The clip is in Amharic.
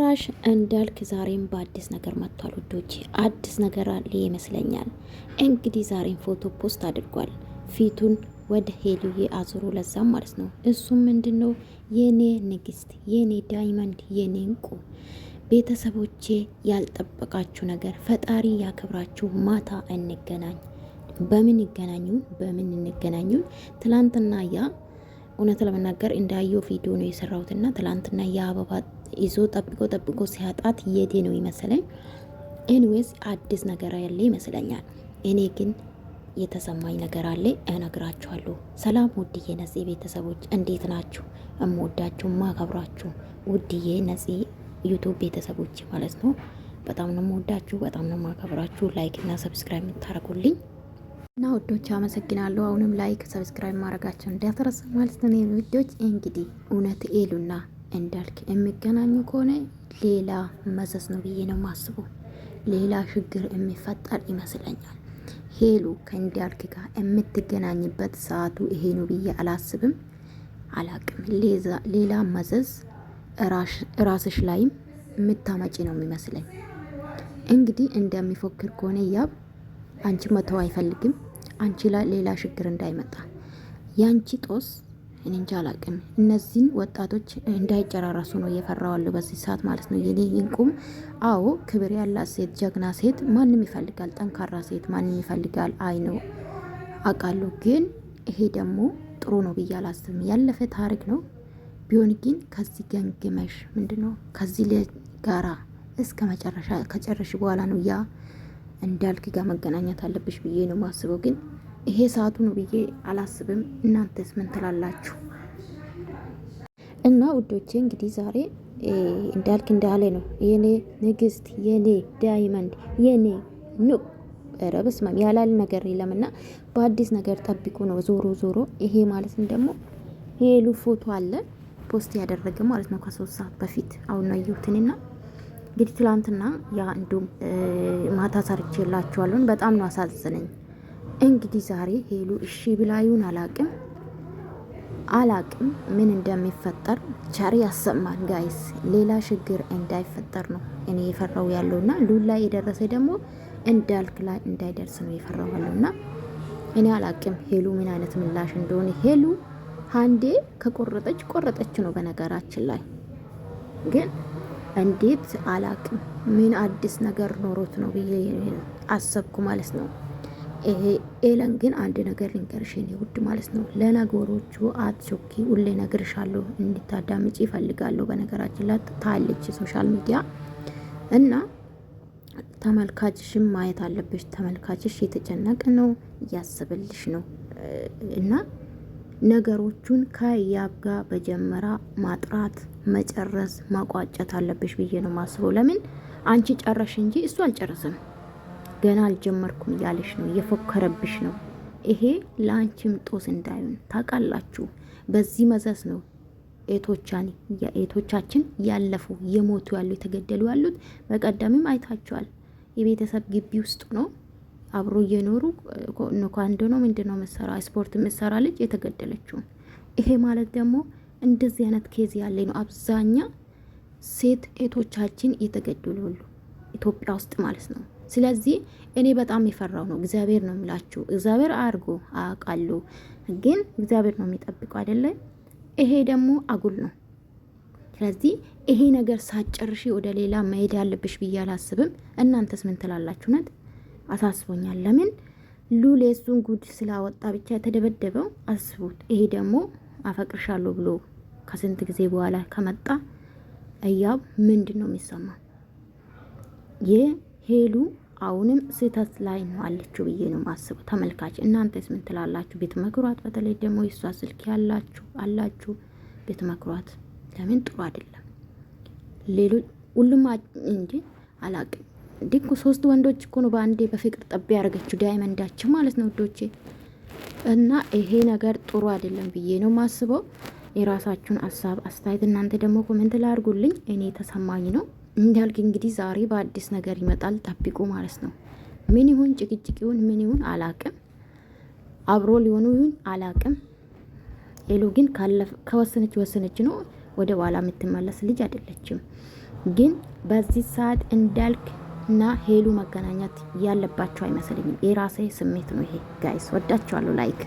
ጭራሽ እንዳልክ ዛሬም በአዲስ ነገር መጥቷል። ውዶች አዲስ ነገር አለ ይመስለኛል። እንግዲህ ዛሬም ፎቶ ፖስት አድርጓል። ፊቱን ወደ ሄሉዬ አዙሮ ለዛም ማለት ነው። እሱም ምንድን ነው የኔ ንግስት፣ የኔ ዳይመንድ፣ የኔ እንቁ ቤተሰቦቼ ያልጠበቃችሁ ነገር ፈጣሪ ያክብራችሁ። ማታ እንገናኝ። በምን ይገናኙን? በምን እንገናኙን? ትላንትና ያ እውነት ለመናገር እንዳየው ቪዲዮ ነው የሰራሁትና ትላንትና የአበባ ይዞ ጠብቆ ጠብቆ ሲያጣት የዴ ነው ይመስለኝ። ኤንዌስ አዲስ ነገር ያለ ይመስለኛል። እኔ ግን የተሰማኝ ነገር አለ እነግራችኋለሁ። ሰላም ውድዬ ነጽ ቤተሰቦች እንዴት ናችሁ? እምወዳችሁ ማከብራችሁ ውድዬ ነጽ ዩቱብ ቤተሰቦች ማለት ነው። በጣም ነው የምወዳችሁ፣ በጣም ነው ማከብራችሁ። ላይክ እና ሰብስክራይብ የምታደርጉልኝ እና ውዶች አመሰግናለሁ። አሁንም ላይክ፣ ሰብስክራይብ ማድረጋቸው እንዳትረሱ ማለት ነው። ውዶች እንግዲህ እውነት ኤሉና እንዳልክ የሚገናኙ ከሆነ ሌላ መዘዝ ነው ብዬ ነው ማስቡ። ሌላ ችግር የሚፈጠር ይመስለኛል። ሄሉ ከእንዳልክ ጋር የምትገናኝበት ሰዓቱ ይሄ ነው ብዬ አላስብም። አላቅም ሌላ መዘዝ ራስሽ ላይም የምታመጪ ነው የሚመስለኝ። እንግዲህ እንደሚፎክር ከሆነ ያብ አንቺ መተው አይፈልግም። አንቺ ላይ ሌላ ችግር እንዳይመጣ ያንቺ ጦስ እኔ እንጃ አላቅም። እነዚህን ወጣቶች እንዳይጨራረሱ ነው እየፈራዋለሁ በዚህ ሰዓት ማለት ነው። የኔ ይንቁም። አዎ ክብር ያላት ሴት፣ ጀግና ሴት ማንም ይፈልጋል። ጠንካራ ሴት ማንም ይፈልጋል። አይ ነው አውቃለሁ። ግን ይሄ ደግሞ ጥሩ ነው ብዬ አላስብም። ያለፈ ታሪክ ነው ቢሆን ግን ከዚህ ገንግመሽ ምንድነው ከዚህ ጋራ እስከ መጨረሻ ከጨረሽ በኋላ ነው ያ እንዳልክ ጋር መገናኘት አለብሽ ብዬ ነው ማስበው፣ ግን ይሄ ሰዓቱ ነው ብዬ አላስብም። እናንተስ ምን ትላላችሁ? እና ውዶቼ እንግዲህ ዛሬ እንዳልክ እንዳለ ነው የኔ ንግስት፣ የኔ ዳይመንድ፣ የኔ ኑ ረብስ ማም ያላል ነገር የለምና በአዲስ ነገር ጠብቁ ነው። ዞሮ ዞሮ ይሄ ማለትም ደግሞ ሄሉ ፎቶ አለ ፖስት ያደረገ ማለት ነው ከሶስት ሰዓት በፊት አሁን ነው እንግዲህ ትላንትና ያ እንዲሁም ማታ ሰርቼ የላችኋለሁን በጣም ነው አሳዝነኝ። እንግዲህ ዛሬ ሄሉ እሺ ብላዩን አላቅም አላቅም ምን እንደሚፈጠር ቸር ያሰማን ጋይስ። ሌላ ችግር እንዳይፈጠር ነው እኔ የፈራው ያለውና ሉል ላይ የደረሰ ደግሞ እንዳልክ ላይ እንዳይደርስ ነው የፈራው ያለውና እኔ አላቅም ሄሉ ምን አይነት ምላሽ እንደሆነ ሄሉ አንዴ ከቆረጠች ቆረጠች ነው በነገራችን ላይ ግን እንዴት አላቅም ምን አዲስ ነገር ኖሮት ነው ብዬ አሰብኩ ማለት ነው። ይሄ ኤለን ግን አንድ ነገር ልንገርሽ የኔ ውድ ማለት ነው። ለነገሮቹ አትሾኪ፣ ሁሌ እነግርሻለሁ እንድታዳምጪ ይፈልጋለሁ። በነገራችን ላይ ታለች ሶሻል ሚዲያ እና ተመልካችሽም ማየት አለብሽ። ተመልካችሽ የተጨነቀ ነው፣ እያስብልሽ ነው እና ነገሮቹን ከያብ ጋር በጀመራ ማጥራት መጨረስ ማቋጨት አለብሽ ብዬ ነው ማስበው። ለምን አንቺ ጨረሽ እንጂ እሱ አልጨረስም፣ ገና አልጀመርኩም እያለሽ ነው፣ እየፎከረብሽ ነው። ይሄ ለአንቺም ጦስ እንዳይሆን ታውቃላችሁ። በዚህ መዘዝ ነው ኤቶቻችን ያለፉ የሞቱ ያሉ የተገደሉ ያሉት። በቀደምም አይታችኋል። የቤተሰብ ግቢ ውስጥ ነው አብሮ እየኖሩ ኮንዶ ነው ምንድን ነው መሰራ ስፖርት መሰራ ልጅ የተገደለችው። ይሄ ማለት ደግሞ እንደዚህ አይነት ኬዝ ያለ ነው። አብዛኛ ሴት እህቶቻችን እየተገደሉ ኢትዮጵያ ውስጥ ማለት ነው። ስለዚህ እኔ በጣም የፈራው ነው። እግዚአብሔር ነው የሚላችሁ። እግዚአብሔር አርጎ አውቃሉ፣ ግን እግዚአብሔር ነው የሚጠብቀው አይደለ። ይሄ ደግሞ አጉል ነው። ስለዚህ ይሄ ነገር ሳጨርሽ ወደ ሌላ መሄድ ያለብሽ ብዬ አላስብም። እናንተስ ምን ትላላችሁ? ነት አሳስቦኛል። ለምን ሉል የሱን ጉድ ስላወጣ ብቻ የተደበደበው አስቡት። ይሄ ደግሞ አፈቅርሻለሁ ብሎ ከስንት ጊዜ በኋላ ከመጣ እያብ ምንድን ነው የሚሰማ? የሄሉ አሁንም ስህተት ላይ ነው አለችው ብዬ ነው ማስበው። ተመልካች እናንተስ ምን ትላላችሁ? ቤት መክሯት። በተለይ ደግሞ የእሷ ስልክ ያላችሁ አላችሁ ቤት መክሯት። ለምን ጥሩ አይደለም። ሌሎች ሁሉም እንጂ አላቅም ዲኩ ሶስት ወንዶች እኮ ነው በአንዴ በፍቅር ጠብ ያደርገችው ዳይመንዳችን ማለት ነው ውዶቼ። እና ይሄ ነገር ጥሩ አይደለም ብዬ ነው ማስበው። የራሳችሁን ሀሳብ አስተያየት እናንተ ደግሞ ኮሜንት ላይ አድርጉልኝ። እኔ ተሰማኝ ነው እንዳልክ እንግዲህ ዛሬ በአዲስ ነገር ይመጣል፣ ጠብቁ ማለት ነው። ምን ይሁን ጭቅጭቅ ይሁን ምን ይሁን አላቅም፣ አብሮ ሊሆኑ ይሁን አላቅም። ሄሉ ግን ከወሰነች ወሰነች ነው፣ ወደ ኋላ የምትመለስ ልጅ አይደለችም። ግን በዚህ ሰዓት እንዳልክ እና ሄሉ መገናኘት ያለባቸው አይመስለኝም። የራሴ ስሜት ነው ይሄ። ጋይስ ወዳቸዋለሁ። ላይክ